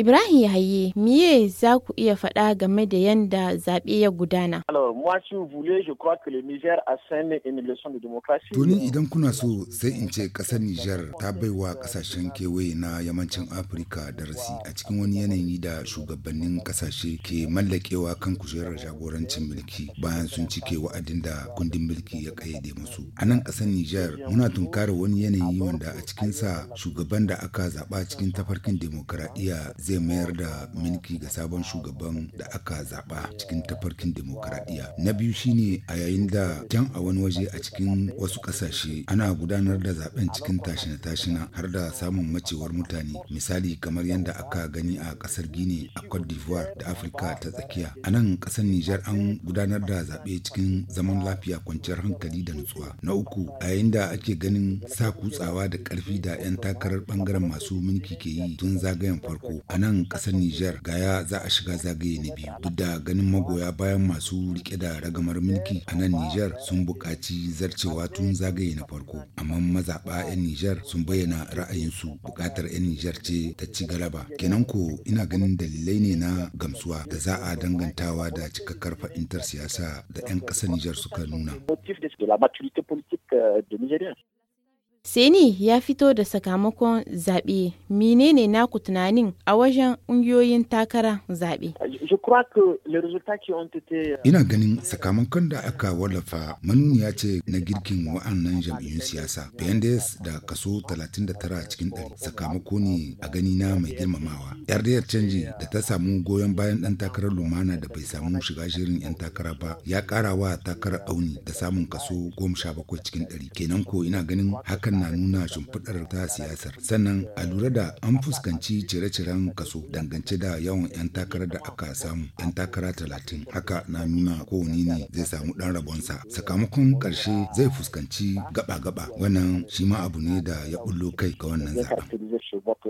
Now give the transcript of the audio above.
Ibrahim haye miye za ku iya faɗa game da yanda zaɓe ya gudana? Tuni idan kuna so sai in ce ƙasar Nijar ta baiwa ƙasashen kewaye na yamancin Afirka darasi a cikin wani yanayi da shugabannin ƙasashe ke mallakewa kan kujerar jagorancin mulki bayan sun cike wa'adin da kundin mulki ya ƙayyade musu. A nan ƙasar Nijar muna tunkara wani yanayi wanda a cikinsa shugaban da aka zaɓa cikin tafarkin demokaradiyya zai mayar da minki ga sabon shugaban da aka zaɓa cikin tafarkin demokaradiyya na biyu shine a yayin da can a wani waje a cikin wasu ƙasashe ana gudanar da zaɓen cikin tashina-tashina har da samun macewar mutane misali kamar yadda aka gani a ƙasar gini a cote d'ivoire da afirka ta tsakiya a nan ƙasar nijar an gudanar da zaɓe cikin zaman lafiya kwanciyar hankali da nutsuwa na uku a yayin da ake ganin sa kutsawa da ƙarfi da 'yan takarar ɓangaren masu mulki ke yi tun zagayen farko a nan ƙasar Nijar gaya za a shiga zagaye na biyu duk da ganin magoya bayan masu rike da ragamar mulki a nan Nijar sun buƙaci zarcewa tun zagaye na farko amma mazaɓa 'yan Nijar sun bayyana ra'ayinsu buƙatar 'yan Nijar ce ta ci galaba kenan ko ina ganin dalilai ne na gamsuwa da za a dangantawa da cikakkar fahimtar siyasa da 'yan ƙasar Nijar suka nuna. Seni ya fito da sakamakon zaɓe. Menene naku tunanin a wajen ƙungiyoyin takara zaɓe? Euh, Ina ganin sakamakon da aka wallafa manuniya ce na girkin wa'annan jam'iyyun siyasa. Pendes da kaso 39 cikin 100 sakamako ne a gani na mai girmamawa. yardiyar canji da ta samu goyon bayan ɗan takarar lumana da bai samu shiga shirin yan takara ba ya kara wa takarar auni da samun kaso goma sha bakwai cikin ɗari kenan ko ina ganin hakan na nuna shimfiɗar ta siyasar sannan a lura da an fuskanci cire-ciren kaso dangance da yawan yan takarar da aka samu yan takara talatin haka na nuna kowane ne zai samu ɗan rabonsa sakamakon ƙarshe zai fuskanci gaba-gaba wannan shi ma abu ne da ya bullo kai ga wannan zaɓen.